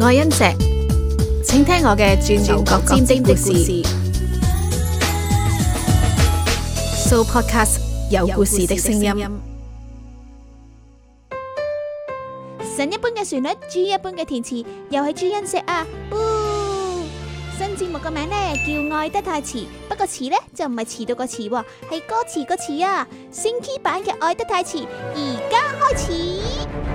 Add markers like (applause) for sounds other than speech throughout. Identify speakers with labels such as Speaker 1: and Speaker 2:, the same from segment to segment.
Speaker 1: 愛恩石，請聽我嘅轉轉角尖尖的故事。
Speaker 2: So
Speaker 1: podcast 有故事的聲音。
Speaker 3: 神一般嘅旋律，豬一般嘅填詞，又係朱恩石啊！新節目嘅名呢，叫愛得太遲，不過遲呢，就唔係遲到個遲，係歌詞個詞啊！升 key 版嘅愛得太遲，而家開始。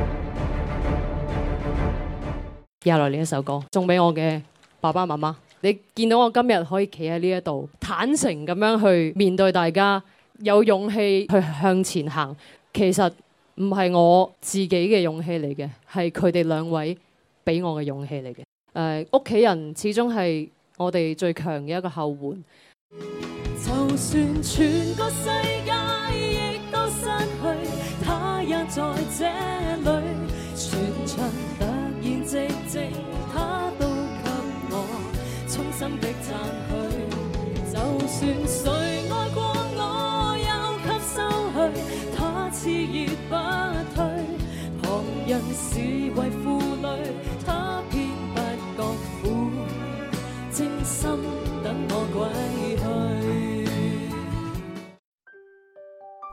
Speaker 4: 又嚟另一首歌，送俾我嘅爸爸媽媽。你見到我今日可以企喺呢一度，坦誠咁樣去面對大家，有勇氣去向前行，其實唔係我自己嘅勇氣嚟嘅，係佢哋兩位俾我嘅勇氣嚟嘅。誒、呃，屋企人始終係我哋最強嘅一個後援。就算全個世界亦都失去，他也在這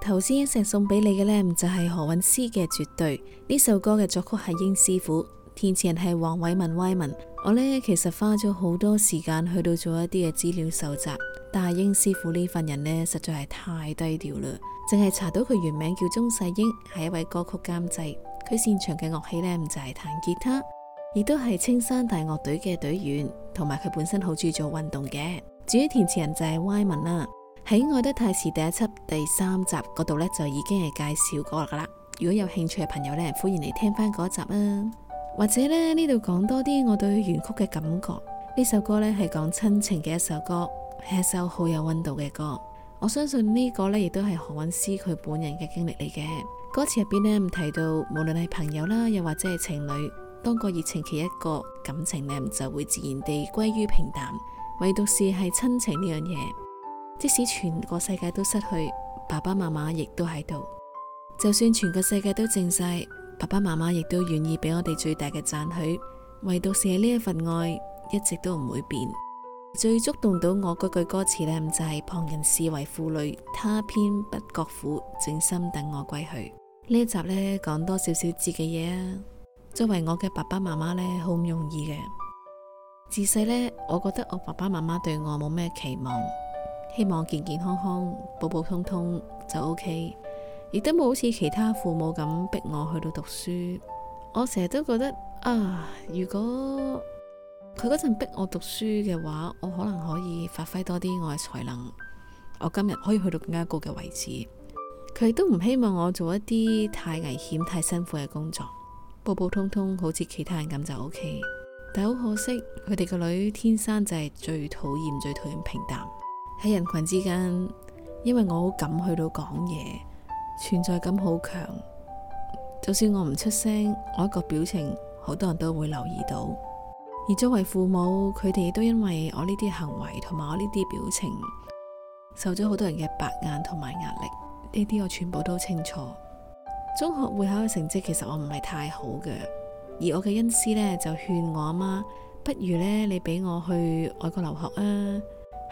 Speaker 1: 頭先應承送俾你嘅呢，就係何韻詩嘅絕對，呢首歌嘅作曲係英師傅。填詞人係黃偉文、Wyman，我呢，其實花咗好多時間去到做一啲嘅資料搜集。大英師傅呢份人呢，實在係太低調啦，淨係查到佢原名叫鍾世英，係一位歌曲監製。佢擅長嘅樂器呢，唔就係彈吉他，亦都係青山大樂隊嘅隊員，同埋佢本身好鍾意做運動嘅。至於填詞人就係 Wyman 啦，喺《愛得太遲》第一輯第三集嗰度呢，就已經係介紹過噶啦。如果有興趣嘅朋友呢，歡迎嚟聽翻嗰一集啊！或者呢，呢度講多啲我對原曲嘅感覺。呢首歌呢係講親情嘅一首歌，係一首好有溫度嘅歌。我相信呢個呢亦都係何韻詩佢本人嘅經歷嚟嘅。歌詞入邊呢唔提到，無論係朋友啦，又或者係情侶，當個熱情期一過，感情呢就會自然地歸於平淡。唯獨是係親情呢樣嘢，即使全個世界都失去，爸爸媽媽亦都喺度。就算全個世界都靜晒，爸爸媽媽亦都願意畀我哋最大嘅讚許，唯獨是呢一份愛一直都唔會變。最觸動到我嗰句歌詞呢，就係旁人視為婦女，他偏不覺苦，靜心等我歸去。呢一集呢講多少少自己嘢啊。作為我嘅爸爸媽媽呢，好唔容易嘅。自細呢，我覺得我爸爸媽媽對我冇咩期望，希望健健康康、普普通通就 OK。亦都冇好似其他父母咁逼我去到讀書。我成日都覺得啊，如果佢嗰陣逼我讀書嘅話，我可能可以發揮多啲我嘅才能，我今日可以去到更加高嘅位置。佢都唔希望我做一啲太危險、太辛苦嘅工作，普普通通好似其他人咁就 OK。但好可惜，佢哋個女天生就係最討厭、最討厭平淡喺人群之間，因為我好敢去到講嘢。存在感好強，就算我唔出聲，我一個表情好多人都會留意到。而作為父母，佢哋亦都因為我呢啲行為同埋我呢啲表情，受咗好多人嘅白眼同埋壓力。呢啲我全部都清楚。中學會考嘅成績其實我唔係太好嘅，而我嘅恩師呢就勸我阿媽，媽，不如呢，你俾我去外國留學啊。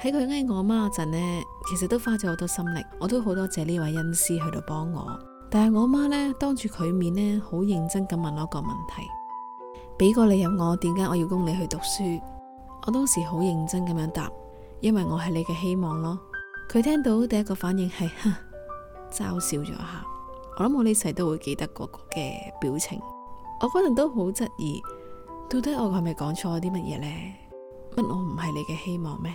Speaker 1: 睇佢呓我媽嗰陣呢，其實都花咗好多心力，我都好多謝呢位恩師去到幫我。但係我媽呢，當住佢面呢，好認真咁問我一個問題：俾個理由，我，點解我要供你去讀書？我當時好認真咁樣答，因為我係你嘅希望咯。佢聽到第一個反應係，哈，嘲笑咗下。我諗我呢世都會記得嗰個嘅表情。我嗰陣都好質疑，到底我係咪講錯啲乜嘢呢？乜我唔係你嘅希望咩？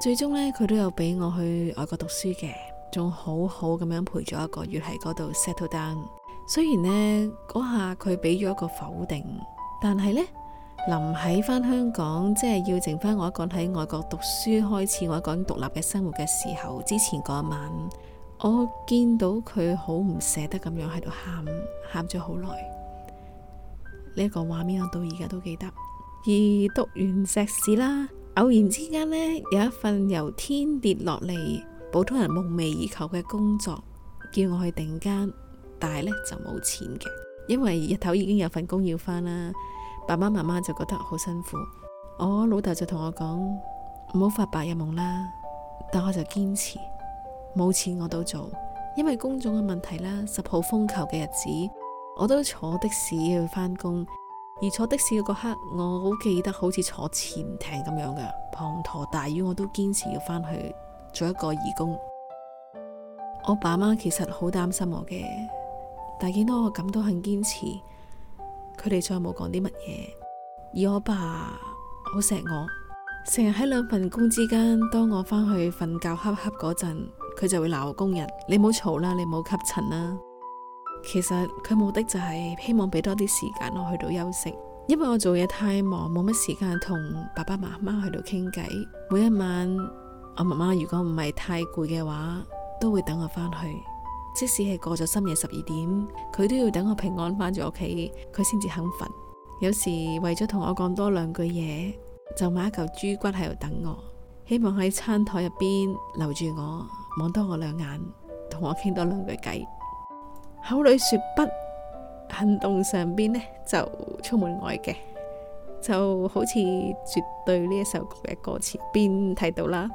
Speaker 1: 最終呢，佢都有俾我去外國讀書嘅，仲好好咁樣陪咗一個月喺嗰度 settle down。雖然呢嗰下佢俾咗一個否定，但係呢，臨喺返香港，即係要剩返我一個人喺外國讀書開始，我一個人獨立嘅生活嘅時候，之前嗰一晚我見到佢好唔捨得咁樣喺度喊，喊咗好耐。呢一個畫面我到而家都記得。而讀完碩士啦。偶然之間呢，有一份由天跌落嚟、普通人夢寐以求嘅工作，叫我去頂間，但係呢就冇錢嘅，因為日頭已經有份工要返啦。爸爸媽媽就覺得好辛苦，我老豆就同我講唔好發白日夢啦，但我就堅持冇錢我都做，因為工種嘅問題啦，十號風球嘅日子我都坐的士去返工。而坐的士嘅嗰刻，我好記得好像，好似坐潛艇咁樣嘅滂沱大雨，我都堅持要翻去做一個義工。我爸媽其實好擔心我嘅，但見到我咁都肯堅持，佢哋再冇講啲乜嘢。而我爸好錫我，成日喺兩份工之間，當我翻去瞓覺瞌瞌嗰陣，佢就會鬧我工人，你唔好嘈啦，你唔好吸塵啦。其實佢目的就係希望俾多啲時間我去到休息，因為我做嘢太忙，冇乜時間同爸爸媽媽去到傾偈。每一晚，我媽媽如果唔係太攰嘅話，都會等我返去，即使係過咗深夜十二點，佢都要等我平安返住屋企，佢先至肯瞓。有時為咗同我講多兩句嘢，就買一嚿豬骨喺度
Speaker 2: 等我，希望喺餐台入邊留住我，望多我兩眼，同我傾多兩句偈。口裏說不，行動上邊呢就充滿愛嘅，就好似絕對呢一首歌嘅歌詞邊睇到啦。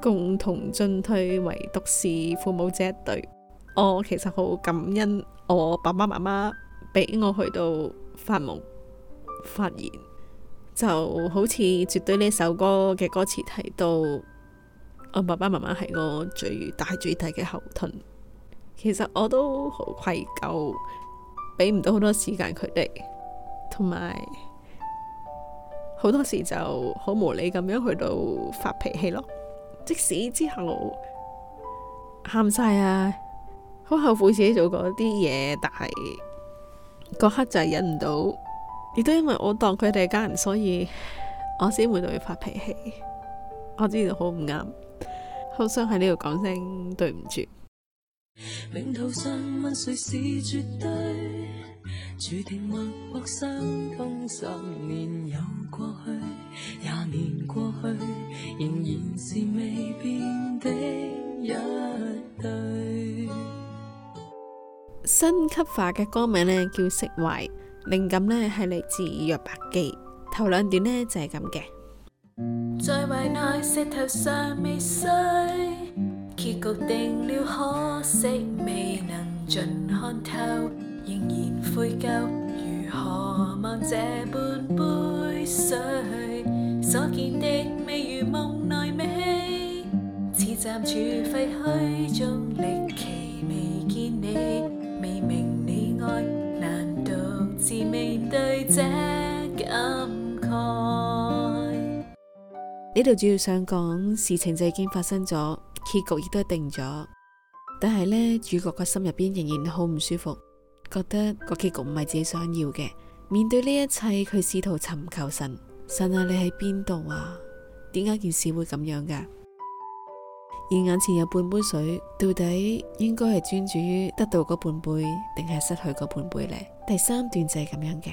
Speaker 2: 共同進退，唯獨是父母這一對。我其實好感恩我爸爸媽媽俾我去到發夢發言，就好似絕對呢首歌嘅歌詞提到，我爸爸媽媽係我最大最大嘅後盾。其實我都好愧疚，俾唔到好多時間佢哋，同埋好多時就好無理咁樣去到發脾氣咯。即使之後喊晒啊，好後悔自己做嗰啲嘢，但係嗰刻就係忍唔到，亦都因為我當佢哋家人，所以我先會到會發脾氣。我知道好唔啱，好想喺呢度講聲對唔住。
Speaker 4: 頭上問誰是絕對注定默默十年又過去，廿年過去，仍然是未變的一對。
Speaker 2: 新級化嘅歌名呢，叫釋懷，靈感呢，係嚟自若白記。頭兩段呢，就係咁
Speaker 3: 嘅。結局定了，可惜未能盡看透，仍然悔疚。如何望這半杯水？所見的未如夢內美。似暫住廢墟中，力奇未見你，未明你愛，難獨自面對這感慨。
Speaker 1: 呢度主要想講，事情就已經發生咗。結局亦都定咗，但係呢，主角個心入邊仍然好唔舒服，覺得個結局唔係自己想要嘅。面對呢一切，佢試圖尋求神，神啊，你喺邊度啊？點解件事會咁樣㗎？而眼前有半杯水，到底應該係專注於得到嗰半杯，定係失去嗰半杯呢？第三段就係咁樣嘅。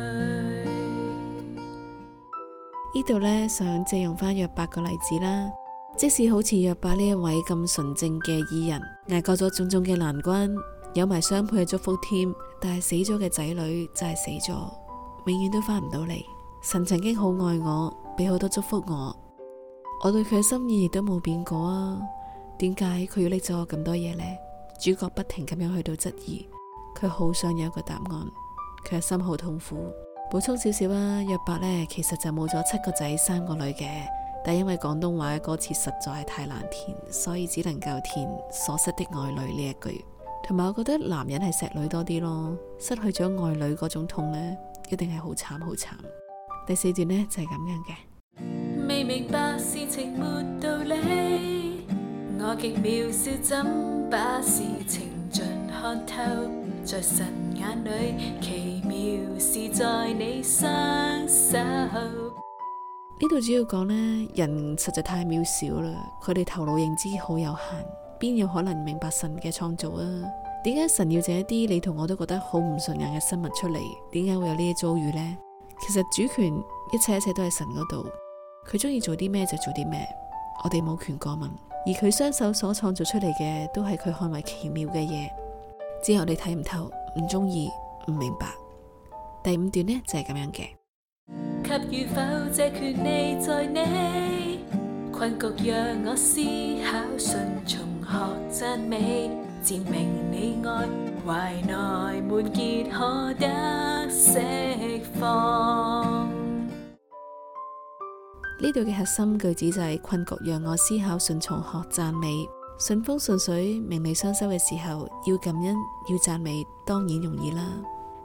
Speaker 1: 呢度呢，想借用翻約伯個例子啦，即使好似約伯呢一位咁純正嘅義人，挨過咗種種嘅難關，有埋雙倍嘅祝福添，但係死咗嘅仔女就係死咗，永遠都返唔到嚟。神曾經好愛我，俾好多祝福我，我對佢嘅心意亦都冇變過啊。點解佢要拎走我咁多嘢呢？主角不停咁樣去到質疑，佢好想有一個答案，佢嘅心好痛苦。補充少少啊，約伯呢，其實就冇咗七個仔三個女嘅，但因為廣東話嘅歌詞實在係太難填，所以只能夠填所失的愛女呢一句。同埋我覺得男人係錫女多啲咯，失去咗愛女嗰種痛呢，一定係好慘好慘。第四段呢，就係、是、咁樣嘅。
Speaker 3: 未明白事情，沒道理。」我極渺小，怎把事情盡看透？在神眼裏，奇妙是在你雙手。
Speaker 1: 呢度主要講呢，人實在太渺小啦，佢哋頭腦認知好有限，邊有可能明白神嘅創造啊？點解神要借一啲你同我都覺得好唔順眼嘅生物出嚟？點解會有呢啲遭遇呢？其實主權一切一切都喺神嗰度，佢中意做啲咩就做啲咩，我哋冇權過問。而佢雙手所創造出嚟嘅，都係佢看為奇妙嘅嘢。之後你睇唔透，唔中意，唔明白。第五段呢就係咁樣嘅。
Speaker 3: 給與否，這權利在你。困局讓我思考，順從學讚美，漸明你愛，懷內滿結可得釋放。
Speaker 1: 呢度嘅核心句子就係、是、困局讓我思考，順從學讚美。順風順水、名利雙收嘅時候，要感恩、要讚美，當然容易啦。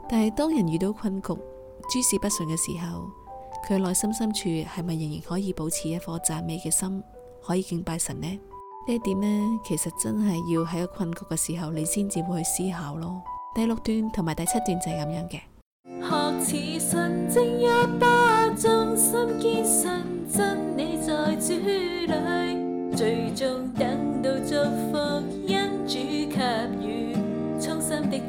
Speaker 1: 但係當人遇到困局、諸事不順嘅時候，佢內心深處係咪仍然可以保持一顆讚美嘅心，可以敬拜神呢？呢一點呢，其實真係要喺個困局嘅時候，你先至會去思考咯。第六段同埋第七段就係咁樣嘅。學
Speaker 3: 神正心，神真，你在主。」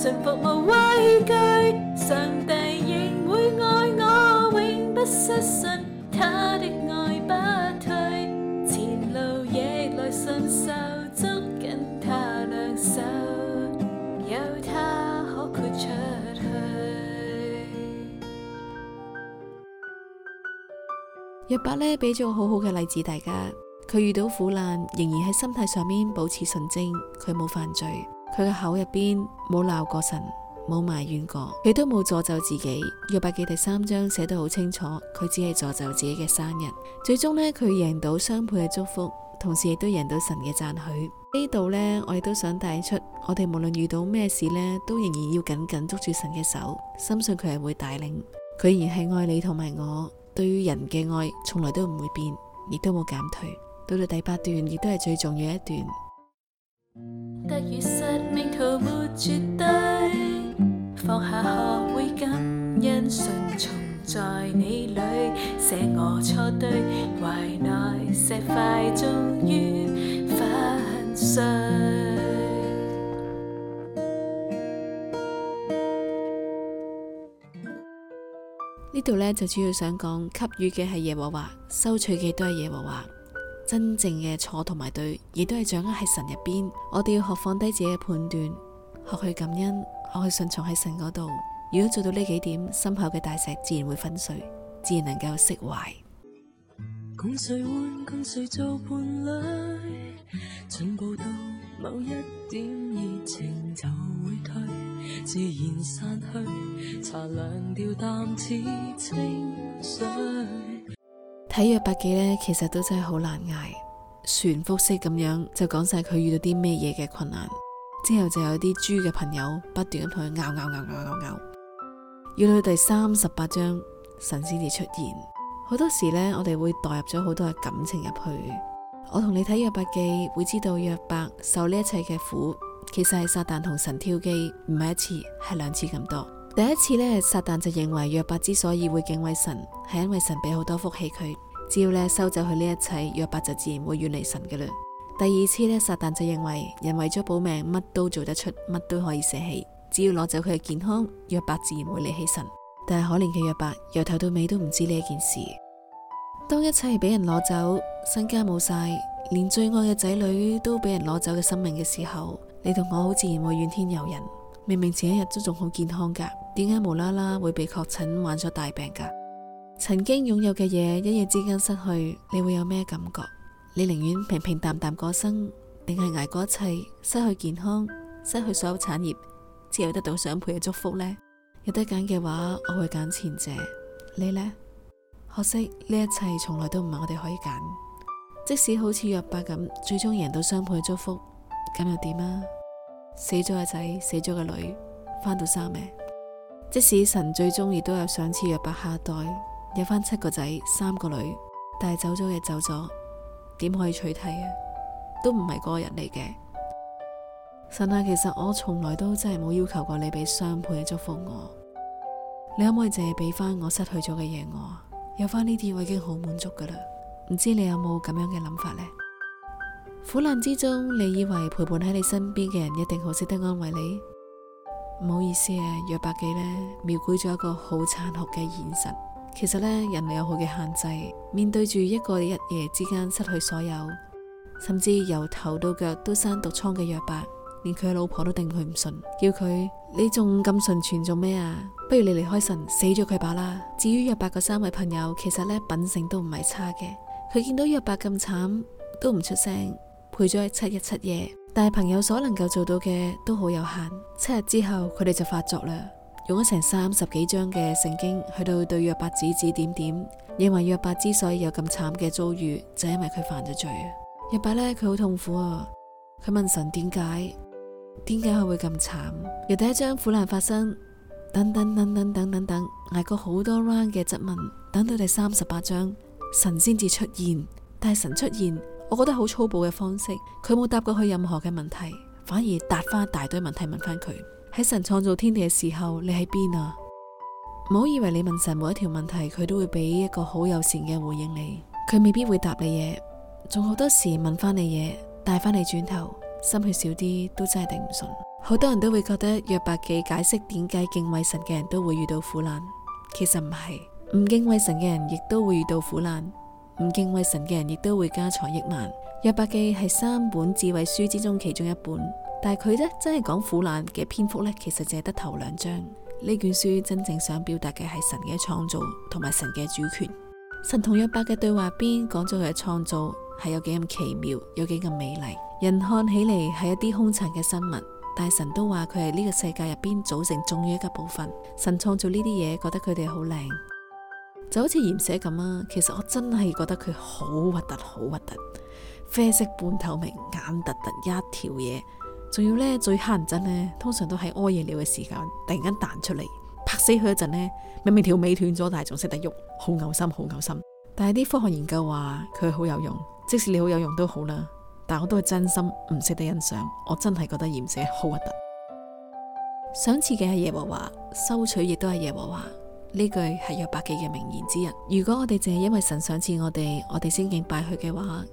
Speaker 3: 神服務危懼，上帝仍會愛我，永不失信。他的愛不退，前路亦來信受捉緊他兩手，有他可豁出去。
Speaker 1: 約伯咧，俾咗個好好嘅例子，大家佢遇到苦難，仍然喺心態上面保持純正，佢冇犯罪。佢嘅口入邊冇鬧過神，冇埋怨過，亦都冇詛咒自己。約伯記第三章寫得好清楚，佢只係詛咒自己嘅生日。最終呢，佢贏到雙倍嘅祝福，同時亦都贏到神嘅讚許。呢度呢，我亦都想帶出，我哋無論遇到咩事呢，都仍然要緊緊捉住神嘅手，深信佢係會帶領。佢仍然係愛你同埋我，對於人嘅愛從來都唔會變，亦都冇減退。到到第八段，亦都係最重要一段。
Speaker 3: 得與失，命途沒絕對。放下學會感恩，順從在你裏，寫我錯對，懷內石塊終於粉碎。
Speaker 1: 呢度呢，就主要想講，給予嘅係耶和華，收取嘅都係耶和華。真正嘅錯同埋對，亦都係掌握喺神入邊。我哋要學放低自己嘅判斷，學去感恩，學去順從喺神嗰度。如果做到呢幾點，心口嘅大石自然會粉碎，自然
Speaker 4: 能夠釋懷。
Speaker 1: 睇約伯記呢，其實都真係好難捱。船覆式咁樣就講晒佢遇到啲咩嘢嘅困難，之後就有啲豬嘅朋友不斷咁同佢拗拗拗拗拗，要到第三十八章神先至出現。好多時呢，我哋會代入咗好多嘅感情入去。我同你睇約伯記會知道約伯受呢一切嘅苦，其實係撒旦同神挑機，唔係一次，係兩次咁多。第一次呢，撒旦就認為約伯之所以會敬畏神，係因為神俾好多福氣佢。只要你收走佢呢一切，約伯就自然會遠離神嘅啦。第二次呢，撒旦就認為人為咗保命，乜都做得出，乜都可以捨棄。只要攞走佢嘅健康，約伯自然會離棄神。但係可憐嘅約伯，由頭到尾都唔知呢一件事。當一切俾人攞走，身家冇晒，連最愛嘅仔女都俾人攞走嘅生命嘅時候，你同我好自然會怨天尤人。明明前一日都仲好健康噶，點解無啦啦會被確診患咗大病噶？曾經擁有嘅嘢，一夜之間失去，你會有咩感覺？你寧願平平淡淡過生，定係挨過一切，失去健康，失去所有產業，只有得到雙倍嘅祝福呢？有得揀嘅話，我會揀前者。你呢？可惜呢一切從來都唔係我哋可以揀，即使好似約伯咁，最終贏到雙倍嘅祝福，咁又點啊？死咗個仔，死咗個女，返到生命。即使神最終亦都有賞賜約伯下代，有返七個仔，三個女。但係走咗嘅走咗，點可以取替啊？都唔係嗰個人嚟嘅。神啊，其實我從來都真係冇要求過你畀雙倍嘅祝福我。你可唔可以淨係畀返我失去咗嘅嘢我啊？有返呢啲我已經好滿足噶啦。唔知你有冇咁樣嘅諗法呢？苦難之中，你以為陪伴喺你身邊嘅人一定好識得安慰你？唔好意思啊，約伯記呢，描繪咗一個好殘酷嘅現實。其實呢，人類有好嘅限制。面對住一個一夜之間失去所有，甚至由頭到腳都生毒瘡嘅約伯，連佢嘅老婆都頂佢唔順，叫佢，你仲咁純全做咩啊？不如你離開神，死咗佢罷啦。至於約伯嘅三位朋友，其實呢，品性都唔係差嘅。佢見到約伯咁慘，都唔出聲。陪咗七日七夜，但係朋友所能夠做到嘅都好有限。七日之後，佢哋就發作啦，用咗成三十幾章嘅聖經去到對約伯指指點點，認為約伯之所以有咁慘嘅遭遇，就係因為佢犯咗罪啊！約伯呢，佢好痛苦啊，佢問神點解，點解佢會咁慘？由第一章苦難發生，等等等等等等等，挨過好多 round 嘅質問，等到第三十八章，神先至出現，但係神出現。我覺得好粗暴嘅方式，佢冇答過佢任何嘅問題，反而答翻大堆問題問翻佢。喺神創造天地嘅時候，你喺邊啊？唔好以為你問神每一條問題，佢都會俾一個好友善嘅回應你，佢未必會答你嘢，仲好多時問翻你嘢，帶翻你轉頭，心血少啲都真係頂唔順。好多人都會覺得約伯記解釋點解敬畏神嘅人都會遇到苦難，其實唔係，唔敬畏神嘅人亦都會遇到苦難。唔敬畏神嘅人亦都會家財億萬。約伯記係三本智慧書之中其中一本，但係佢咧真係講苦難嘅篇幅咧，其實淨係得頭兩章。呢卷書真正想表達嘅係神嘅創造同埋神嘅主權。神同約伯嘅對話邊講咗佢嘅創造係有幾咁奇妙，有幾咁美麗。人看起嚟係一啲兇殘嘅生物，但係神都話佢係呢個世界入邊組成重要一個部分。神創造呢啲嘢，覺得佢哋好靚。就好似鹽蛇咁啦，其實我真係覺得佢好核突，好核突，啡色半透明，眼凸凸一條嘢，仲要呢最黑人憎咧，通常都喺屙夜尿嘅時間突然間彈出嚟，拍死佢一陣呢，明明條尾斷咗，但係仲識得喐，好嘔心，好嘔心。但係啲科學研究話佢好有用，即使你好有用都好啦，但我都係真心唔識得欣賞，我真係覺得鹽蛇好核突。賞賜嘅係耶和華，收取亦都係耶和華。呢句係約伯記嘅名言之一。如果我哋淨係因為神想賜我哋，我哋先敬拜佢嘅話，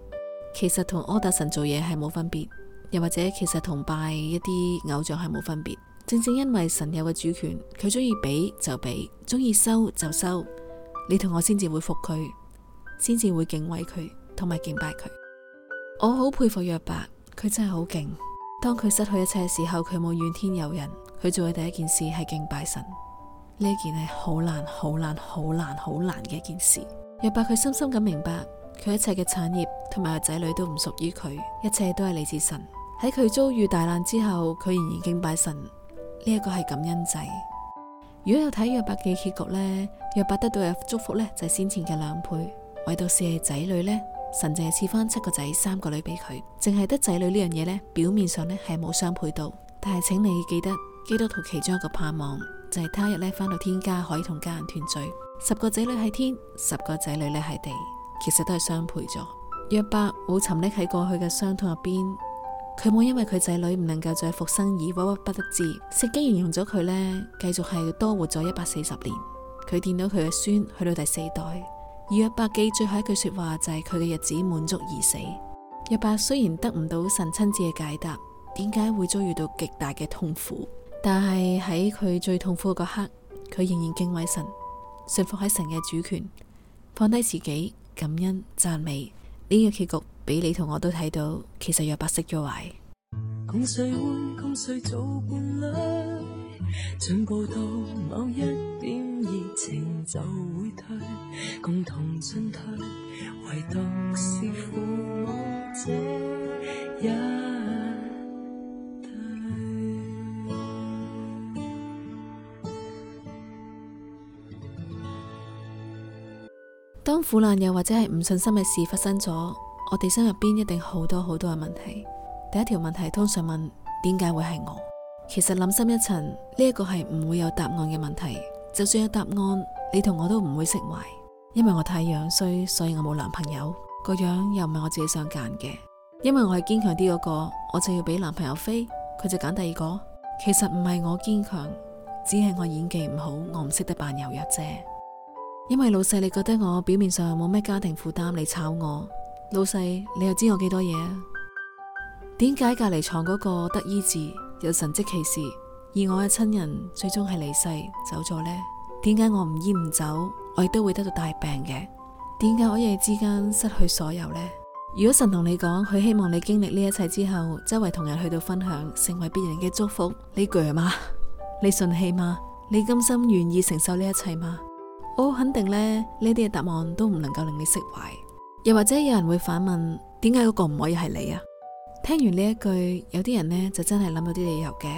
Speaker 1: 其實同柯達神做嘢係冇分別，又或者其實同拜一啲偶像係冇分別。正正因為神有嘅主權，佢中意俾就俾，中意收就收，你同我先至會服佢，先至會敬畏佢，同埋敬拜佢。我好佩服約伯，佢真係好勁。當佢失去一切嘅時候，佢冇怨天尤人，佢做嘅第一件事係敬拜神。呢件係好難、好難、好難、好難嘅一件事。約伯佢深深咁明白，佢一切嘅產業同埋個仔女都唔屬於佢，一切都係嚟自神。喺佢遭遇大難之後，佢仍然敬拜神。呢一個係感恩祭。如果有睇約伯嘅結局呢，約伯得到嘅祝福呢，就係先前嘅兩倍。唯獨是係仔女呢，神淨係賜翻七個仔三個女俾佢，淨係得仔女呢樣嘢，呢，表面上呢係冇雙倍到，但係請你記得基督徒其中一個盼望，就係他日咧返到天家可以同家人團聚。十個仔女喺天，十個仔女咧喺地，其實都係雙倍咗。約伯冇沉溺喺過去嘅傷痛入邊，佢冇因為佢仔女唔能夠再復生而屈屈不得志。聖經形容咗佢呢，繼續係多活咗一百四十年。佢見到佢嘅孫去到第四代。而約伯記最後一句說話就係佢嘅日子滿足而死。約伯雖然得唔到神親自嘅解答，點解會遭遇到極大嘅痛苦？但係喺佢最痛苦嗰刻，佢仍然敬畏神，順服喺神嘅主權，放低自己，感恩讚美。呢、這個結局俾你同我都睇到，其實若白
Speaker 4: 色咗壞。共
Speaker 1: 當苦難又或者係唔信心嘅事發生咗，我哋心入邊一定好多好多嘅問題。第一條問題通常問，點解會係我？其實諗深一層，呢一個係唔會有答案嘅問題。就算有答案，你同我都唔會釋懷。因為我太樣衰，所以我冇男朋友。個樣又唔係我自己想揀嘅。因為我係堅強啲嗰個，我就要俾男朋友飛，佢就揀第二個。其實唔係我堅強，只係我演技唔好，我唔識得扮柔弱啫。因為老細，你覺得我表面上冇咩家庭負擔嚟炒我？老細，你又知我幾多嘢啊？點解隔離床嗰個得醫治有神蹟其事，而我嘅親人最終係離世走咗呢？點解我唔醫唔走，我亦都會得到大病嘅？點解我一夜之間失去所有呢？如果神同你講，佢希望你經歷呢一切之後，周圍同人去到分享，成為別人嘅祝福，你攰係嗎？你順氣嗎？你甘心願意承受呢一切嗎？我、oh, 肯定呢，呢啲嘅答案都唔能夠令你釋懷。又或者有人會反問，點解嗰個唔可以係你啊？聽完呢一句，有啲人呢就真係諗到啲理由嘅，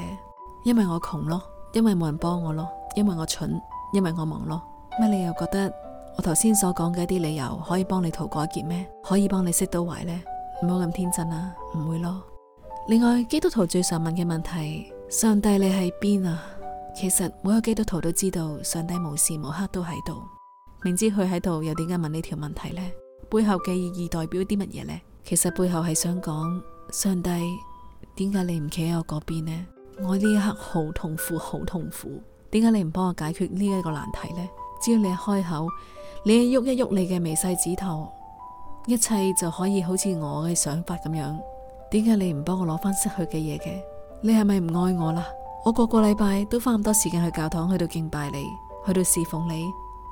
Speaker 1: 因為我窮咯，因為冇人幫我咯，因為我蠢，因為我忙咯。乜你又覺得我頭先所講嘅一啲理由可以幫你逃過一劫咩？可以幫你釋到懷呢？唔好咁天真啦、啊，唔會咯。另外，基督徒最常問嘅問題：上帝你喺邊啊？其實每個基督徒都知道，上帝無時無刻都喺度，明知佢喺度，又點解問呢條問題呢？背後嘅意義代表啲乜嘢呢？其實背後係想講，上帝，點解你唔企喺我嗰邊呢？我呢一刻好痛苦，好痛苦，點解你唔幫我解決呢一個難題呢？只要你一開口，你喐一喐你嘅微細指頭，一切就可以好似我嘅想法咁樣。點解你唔幫我攞翻失去嘅嘢嘅？你係咪唔愛我啦？我個個禮拜都花咁多時間去教堂，去到敬拜你，去到侍奉你，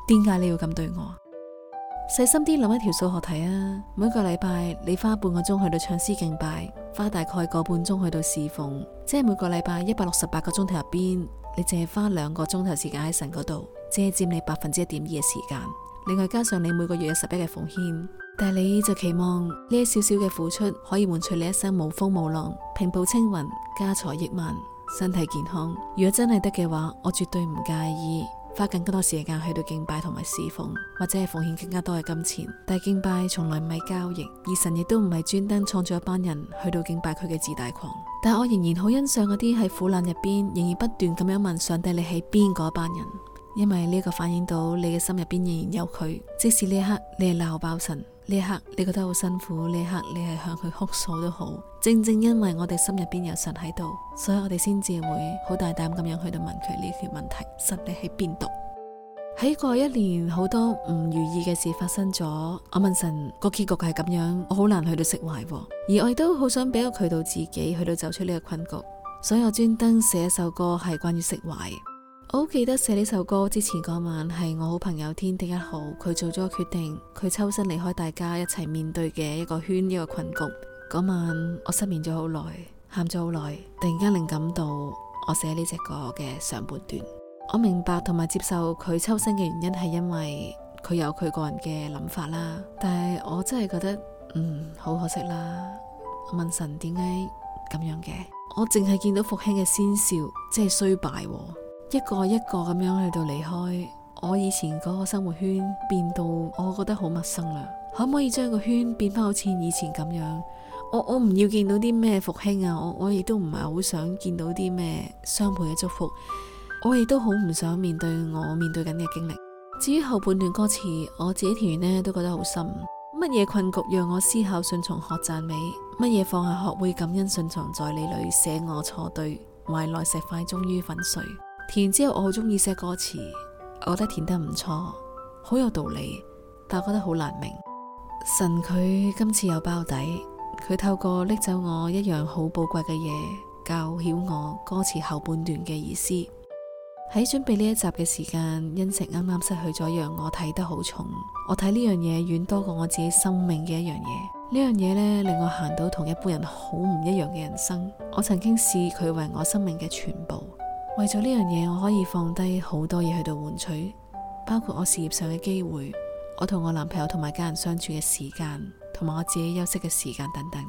Speaker 1: 點解你要咁對我？細心啲諗一條數學題啊！每個禮拜你花半個鐘去到唱詩敬拜，花大概個半鐘去到侍奉，即係每個禮拜一百六十八個鐘頭入邊，你淨係花兩個鐘頭時間喺神嗰度，只係佔你百分之一點二嘅時間。另外加上你每個月有十一嘅奉獻，但係你就期望呢一少少嘅付出可以換取你一生無風無浪、平步青雲、家財億萬。身體健康，如果真係得嘅話，我絕對唔介意花更加多時間去到敬拜同埋侍奉，或者係奉獻更加多嘅金錢。但係敬拜從來唔係交易，而神亦都唔係專登創造一班人去到敬拜佢嘅自大狂。但係我仍然好欣賞嗰啲喺苦難入邊仍然不斷咁樣問上帝你喺邊嗰一班人，因為呢個反映到你嘅心入邊仍然有佢，即使呢一刻你係鬧爆神。呢一刻你覺得好辛苦，呢一刻你係向佢哭訴都好。正正因為我哋心入邊有神喺度，所以我哋先至會好大膽咁樣去到問佢呢條問題，神你喺邊度？喺 (music) 過去一年，好多唔如意嘅事發生咗。我問神，個結局係咁樣，我好難去到釋懷。而我亦都好想俾個渠道，自己去到走出呢個困局，所以我專登寫一首歌係關於釋懷。我好記得寫呢首歌之前嗰晚係我好朋友天地一號，佢做咗個決定，佢抽身離開大家一齊面對嘅一個圈、一個困局。嗰晚我失眠咗好耐，喊咗好耐，突然間靈感到我寫呢隻歌嘅上半段。我明白同埋接受佢抽身嘅原因係因為佢有佢個人嘅諗法啦，但係我真係覺得嗯好可惜啦。問神點解咁樣嘅？我淨係見到復興嘅先兆，即係衰敗。一個一個咁樣去到離開，我以前嗰個生活圈變到我覺得好陌生啦。可唔可以將個圈變翻好似以前咁樣？我我唔要見到啲咩復興啊！我我亦都唔係好想見到啲咩雙倍嘅祝福。我亦都好唔想面對我面對緊嘅經歷。至於後半段歌詞，我自己填呢都覺得好深。乜嘢困局讓我思考順從學讚美？乜嘢放下學會感恩順從在你裡寫我錯對懷內石塊終於粉碎。填之後我好中意寫歌詞，我覺得填得唔錯，好有道理，但我覺得好難明。神佢今次有包底，佢透過拎走我一樣好寶貴嘅嘢，教曉我歌詞後半段嘅意思。喺準備呢一集嘅時間，恩賜啱啱失去咗一樣我睇得好重，我睇呢樣嘢遠多過我自己生命嘅一樣嘢。呢樣嘢呢，令我行到同一般人好唔一樣嘅人生。我曾經視佢為我生命嘅全部。為咗呢樣嘢，我可以放低好多嘢去到換取，包括我事業上嘅機會，我同我男朋友同埋家人相處嘅時間，同埋我自己休息嘅時間等等。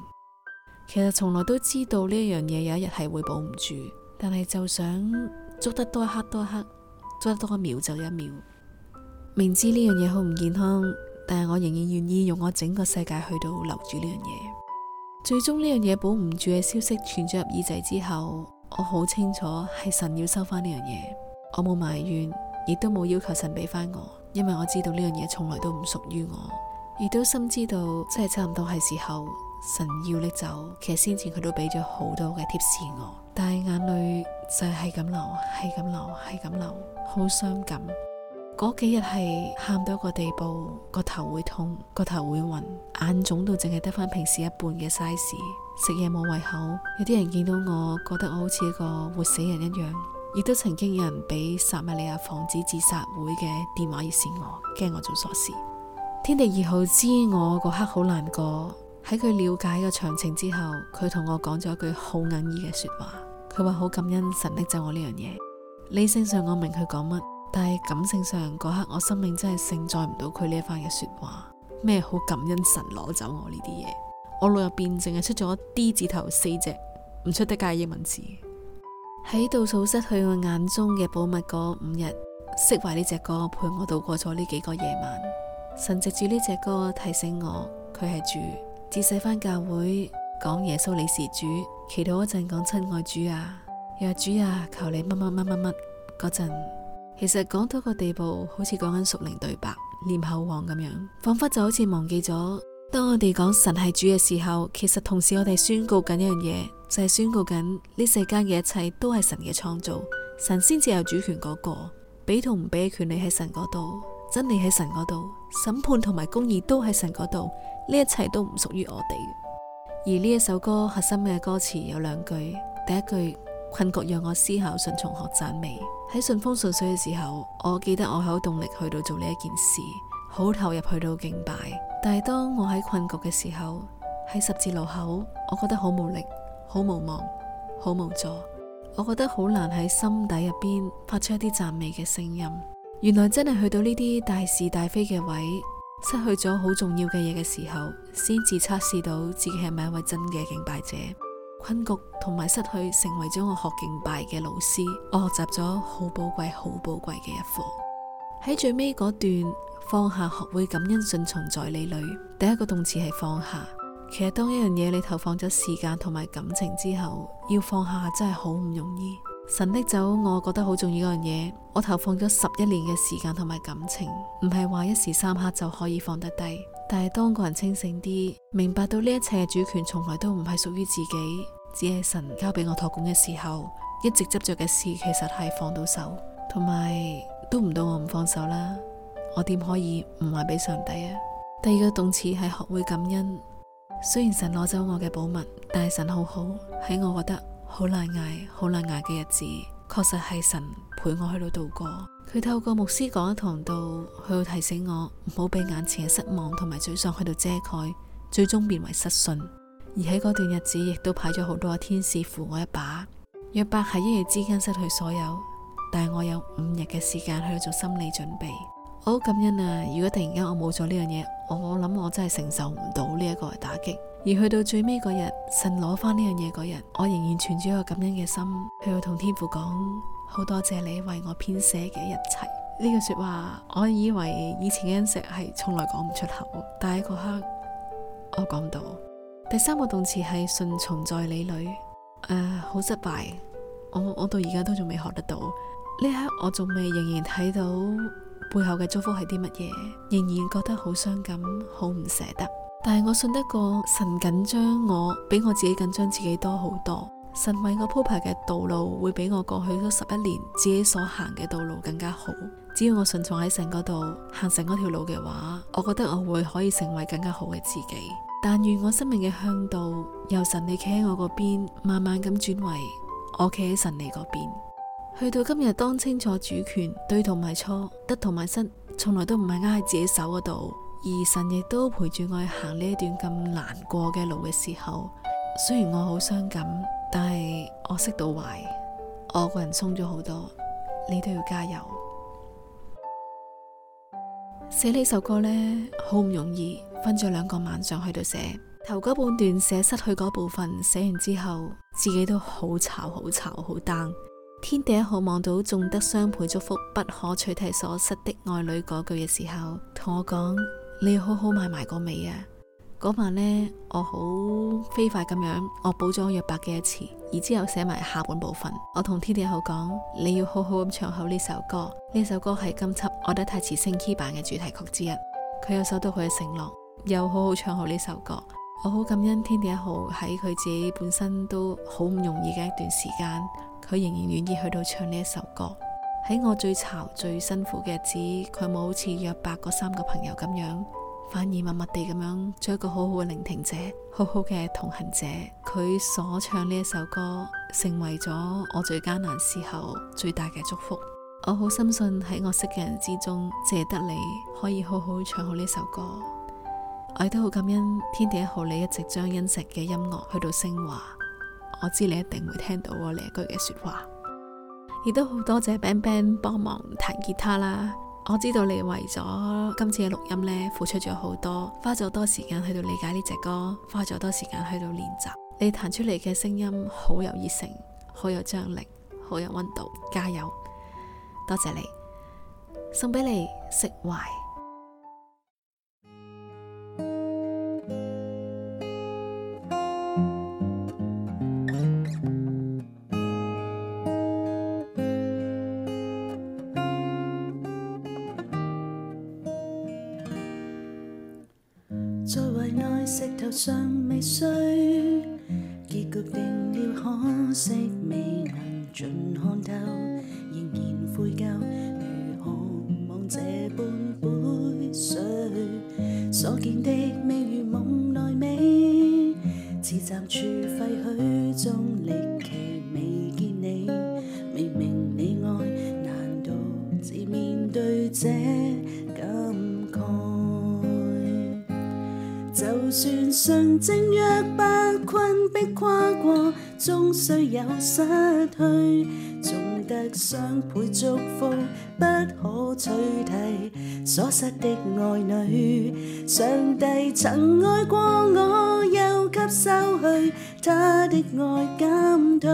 Speaker 1: 其實從來都知道呢樣嘢有一日係會保唔住，但係就想捉得多一刻多一刻，捉得多一秒就一秒。明知呢樣嘢好唔健康，但係我仍然願意用我整個世界去到留住呢樣嘢。最終呢樣嘢保唔住嘅消息傳咗入耳仔之後。我好清楚係神要收返呢樣嘢，我冇埋怨，亦都冇要求神俾返我，因為我知道呢樣嘢從來都唔屬於我，亦都深知道真係差唔多係時候神要拎走。其實先前佢都俾咗好多嘅貼士我，但係眼淚就係咁流，係咁流，係咁流，好傷感。嗰幾日係喊到一個地步，個頭會痛，個頭會暈，眼腫到淨係得返平時一半嘅 size。食嘢冇胃口，有啲人見到我覺得我好似一個活死人一樣，亦都曾經有人俾撒瑪利亞防止自殺會嘅電話熱線我，驚我做傻事。天地二號知我嗰刻好難過，喺佢了解個詳情之後，佢同我講咗一句好隱意嘅說話，佢話好感恩神拎走我呢樣嘢。理性上我明佢講乜，但係感性上嗰刻我生命真係承載唔到佢呢一番嘅說話，咩好感恩神攞走我呢啲嘢。我腦入邊淨係出咗 D 字頭四隻，唔出得介英文字。喺倒數失去我眼中嘅寶物嗰五日，釋懷呢隻歌陪我度過咗呢幾個夜晚。神藉住呢隻歌提醒我，佢係主。自細返教會講耶穌你是主，祈禱嗰陣講親愛主啊，呀主啊，求你乜乜乜乜乜嗰陣，其實講到個地步，好似講緊熟齡對白，念口簧咁樣，仿佛就好似忘記咗。當我哋講神係主嘅時候，其實同時我哋宣告緊一樣嘢，就係、是、宣告緊呢世間嘅一切都係神嘅創造，神先至有主權嗰、那個，俾同唔俾嘅權利喺神嗰度，真理喺神嗰度，審判同埋公義都喺神嗰度，呢一切都唔屬於我哋。而呢一首歌核心嘅歌詞有兩句，第一句困局讓我思考，順從學讚美。喺順風順水嘅時候，我記得我好動力去到做呢一件事。好投入去到敬拜，但係當我喺困局嘅時候，喺十字路口，我覺得好無力、好無望、好無助。我覺得好難喺心底入邊發出一啲讚美嘅聲音。原來真係去到呢啲大是大非嘅位，失去咗好重要嘅嘢嘅時候，先至測試到自己係咪一位真嘅敬拜者。困局同埋失去，成為咗我學敬拜嘅老師。我學習咗好寶貴、好寶貴嘅一課。喺最尾嗰段。放下，學會感恩，信從在你裏。第一個動詞係放下。其實當一樣嘢你投放咗時間同埋感情之後，要放下真係好唔容易。神的酒，我覺得好重要嗰樣嘢，我投放咗十一年嘅時間同埋感情，唔係話一時三刻就可以放得低。但係當個人清醒啲，明白到呢一切嘅主權從來都唔係屬於自己，只係神交俾我託管嘅時候，一直執着嘅事其實係放到手，同埋都唔到我唔放手啦。我點可以唔話俾上帝啊？第二個動詞係學會感恩。雖然神攞走我嘅寶物，但係神好好，喺我覺得好難捱、好難捱嘅日子，確實係神陪我去度度過。佢透過牧師講一堂道，佢要提醒我唔好俾眼前嘅失望同埋沮喪去度遮蓋，最終變為失信。而喺嗰段日子，亦都派咗好多嘅天使扶我一把。約伯喺一夜之間失去所有，但係我有五日嘅時間去做心理準備。好感恩啊！如果突然間我冇咗呢樣嘢，我諗我真係承受唔到呢一個嘅打擊。而去到最尾嗰日，神攞翻呢樣嘢嗰日，我仍然存住一個感恩嘅心，去同天父講好多謝你為我編寫嘅一切。呢句說話，我以為以前嘅石係從來講唔出口，但喺嗰刻我講到。第三個動詞係信從在你裏，誒、呃，好失敗。我我到而家都仲未學得到。呢刻我仲未仍然睇到。背後嘅祝福係啲乜嘢？仍然覺得好傷感，好唔捨得。但係我信得過神緊張我，比我自己緊張自己多好多。神為我鋪排嘅道路會比我過去咗十一年自己所行嘅道路更加好。只要我順從喺神嗰度行成嗰條路嘅話，我覺得我會可以成為更加好嘅自己。但願我生命嘅向導，由神你企喺我嗰邊，慢慢咁轉為我企喺神你嗰邊。去到今日，當清楚主權對同埋錯得同埋失，從來都唔係握喺自己手嗰度。而神亦都陪住我去行呢一段咁難過嘅路嘅時候，雖然我好傷感，但係我識到壞，我個人鬆咗好多。你都要加油。寫呢首歌呢，好唔容易分咗兩個晚上去度寫頭嗰半段，寫失去嗰部分，寫完之後自己都好吵、好吵、好 down。天地一號望到仲得雙倍祝福，不可取替所失的愛女嗰句嘅時候，同我講，你要好好買埋個尾啊。嗰晚呢，我好飛快咁樣，我補咗約百幾次，而之後寫埋下半部分。我同天地一號講，你要好好咁唱好呢首歌。呢首歌係今輯我得太遲升 k 版嘅主題曲之一。佢又守到佢嘅承諾，又好好唱好呢首歌。我好感恩天地一號喺佢自己本身都好唔容易嘅一段時間。佢仍然願意去到唱呢一首歌，喺我最嘈最辛苦嘅日子，佢冇好似約伯嗰三個朋友咁樣，反而默默地咁樣做一個好好嘅聆聽者，好好嘅同行者。佢所唱呢一首歌，成為咗我最艱難時候最大嘅祝福。我好深信喺我識嘅人之中，只得你可以好好唱好呢首歌，我亦都好感恩天地一號，你一直將恩石嘅音樂去到升華。我知你一定會聽到我呢句嘅說話，亦都好多謝 Ben Ben 幫忙彈吉他啦。我知道你為咗今次嘅錄音呢，付出咗好多，花咗好多時間去到理解呢隻歌，花咗好多時間去到練習。你彈出嚟嘅聲音好有熱誠，好有張力，好有溫度，加油！多謝你，送俾你食壞。
Speaker 5: 在懷內，石頭尚未碎，結局定了，可惜未能盡看透，仍然悔疚。如何望這半杯水？所見的美，如夢內美，似暫處廢墟中離。正若不困迫跨過，終須有失去；重得雙倍祝福，不可取替。所失的愛侶，上帝曾愛過我，又給收去。他的愛減退，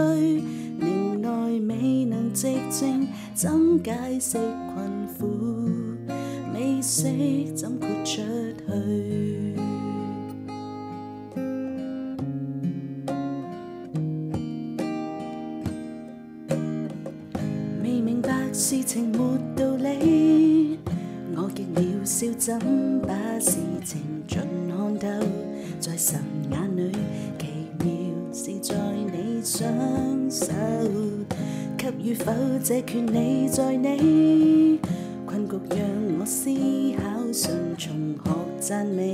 Speaker 5: 靈內未能寂靜，怎解釋困苦？未識怎豁出去？事情沒道理，我極渺小，怎把事情盡看透？在神眼裏奇妙是在你雙手，給與否這權利在你。困局讓我思考，順從，學讚美，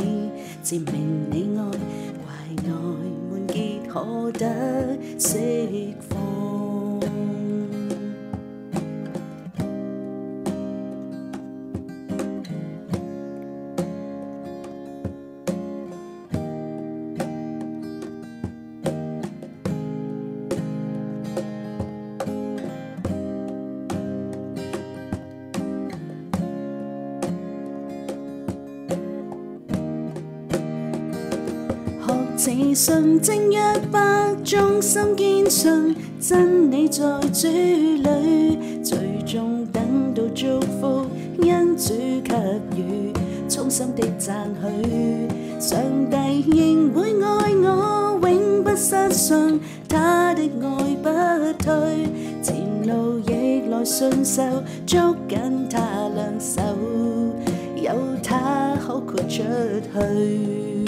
Speaker 5: 證明你愛，懷內滿結可得釋放。純正一百宗，忠心堅信真，你在主裏，最終等到祝福，因主給予衷心的讚許，上帝仍會愛我，永不失信，他的愛不退，前路亦來順受，捉緊他兩手，有他可豁出去。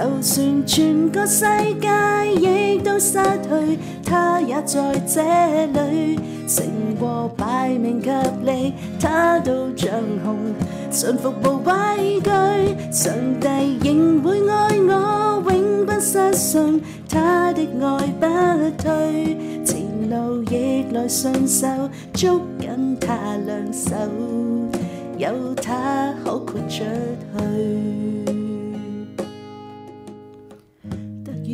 Speaker 5: 就算全個世界亦都失去，他也在這裡。成和敗命及利，他都掌控。信服無畏懼，上帝仍會愛我，永不失信。他的愛不退，前路亦來順受，捉緊他兩手，有他可豁出去。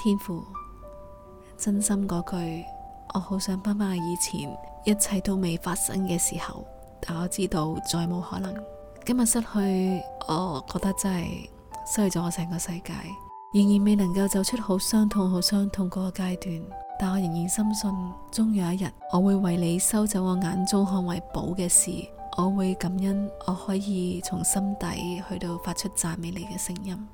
Speaker 1: 天父，真心嗰句，我好想翻返去以前，一切都未發生嘅時候，但我知道再冇可能。今日失去，我覺得真係失去咗我成個世界，仍然未能夠走出好傷痛、好傷痛嗰個階段。但我仍然深信，終有一日，我會為你收走我眼中看為寶嘅事，我會感恩，我可以從心底去到發出讚美你嘅聲音。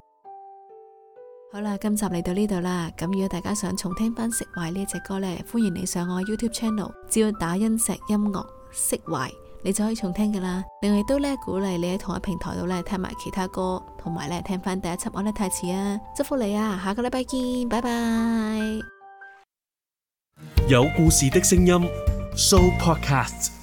Speaker 1: 好啦，今集嚟到呢度啦，咁如果大家想重聽翻釋懷呢隻歌呢，歡迎你上我 YouTube channel，只要打音石音樂釋懷，你就可以重聽噶啦。另外都咧鼓勵你喺同一平台度咧聽埋其他歌，同埋咧聽翻第一輯我得太遲啊，祝福你啊，下個禮拜見，拜拜。
Speaker 4: 有故事的聲音 Show Podcast。